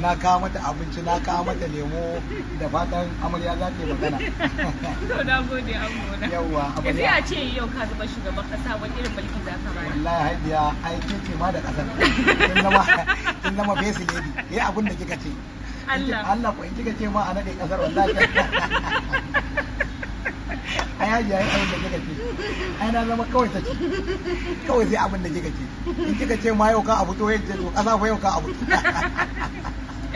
na kawo mata abinci na kawo mata lemo da fatan amarya za ta yi magana to na gode amona yawa amarya eh, sai ya ce yau ka zama shugaban kasa wani irin mulki za ka bani wallahi haibiya ai kike ma da kasar kin zama kin zama face lady yayi abin da kika ce Allah Allah ko in kika ce ma a nade kasar wallahi ai yaji ai abin da kika ce ai na zama kawai ta ce kawai sai abin da kika ce in kika ce ma yau ka abu to yace to kasa yau ka abu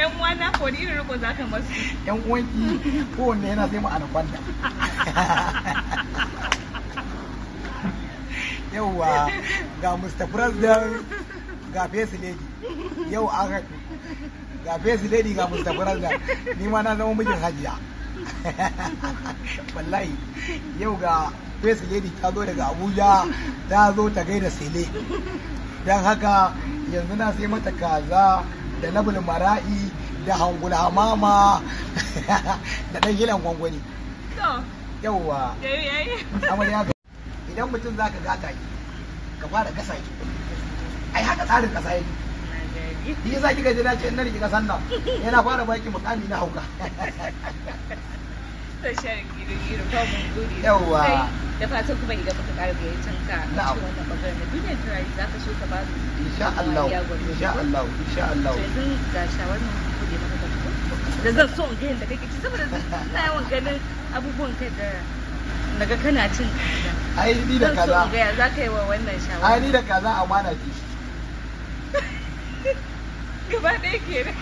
yan uwana ko ni irin riko zaka masu yan uwanki kowanne yana sai mu anaconda yauwa ga mr president ga face lady yau an haɗu ga face lady ga mr president ni ma na zama mijin hajiya wallahi yau ga face lady ta zo daga abuja ta zo ta gaida sele don haka yanzu na sai mata kaza da nabul mara'i da hangul hamama da ɗan gilan gwangwani yauwa amarya ga idan mutum za ka gata ki ka fara gasa ki ai haka tsarin kasa yake yi za ki gaji na ce in na riki ƙasan nan yana fara baki mukami na hauka yawa da fatan kuma idan muka ƙara ka a cikin wannan bangaren na duniyar turare za ka so ka ba insha Allah insha Allah insha Allah yanzu ga shawarar maka da zan so in ga yadda kake ci saboda yawan ganin abubuwan kai da kana cin ai ni da kaza zan so ga za ka yi wa wannan ai ni da kaza amana ce gaba ɗaya kenan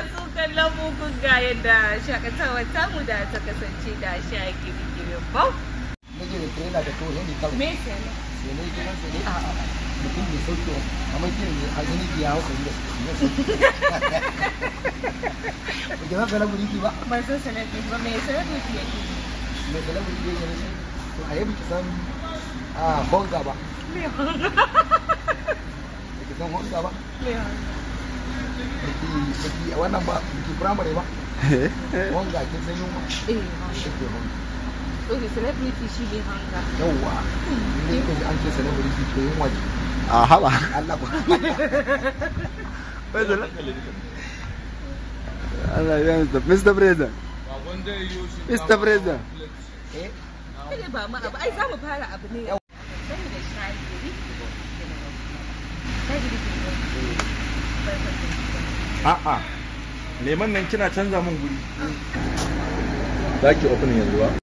masu kallon mugun ga yadda shakatawa tamu da ta kasance da sha girgirin bau. Nake da trailer da to ne kawai. Me sai ne? Sai ne gidan sai ne a mutum mai sauki kamar kiran ne a gani biya yawo kai ne su. Ba ga labu ki ba. Ban san ke ba me sanadi ki yake. Me da labu ki yake ne. To a yabi ki san a ah, bonga ba. Me bonga? Ki san bonga ba? Me bonga? wannan ba biki primary ba eh. wanga kin san yunwa eh, shi ke wanga Okay, celebrity shi ne hanga. Yawwa, ne an ce celebrity to yunwa ce. A ah, haba. Allah ba. Bai zala. Allah ya Mr. President. Mr. President. Eh? ba mu abu, ai za mu fara abu ne. Sai da shayi. Sai a'a leman nan kina canza min guri Zaki opening yanzu ba